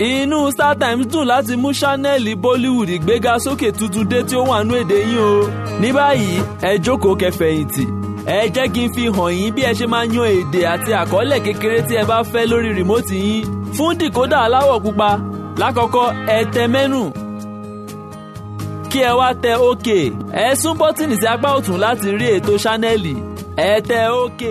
inú startimes dùn láti mú ṣánẹ́ẹ̀lì bollywood gbéga sókè tuntun dé tí ó wà nú èdè yín o ní báyìí ẹ jókòó kẹfẹ̀yìntì ẹ jẹ́ kí n fi hàn yín bí ẹ ṣe máa yan èdè àti àkọọ́lẹ̀ kékeré tí ẹ bá fẹ́ lórí rìmọ́tì yín fún dìkódà aláwọ̀ pupa lákọ̀ọ́kọ́ ẹ tẹ mẹ́nù kí ẹ wá tẹ OK ẹ sún bọ́tìnì sí apá ọ̀tún láti rí ètò ṣánẹ́ẹ̀lì ẹ tẹ OK.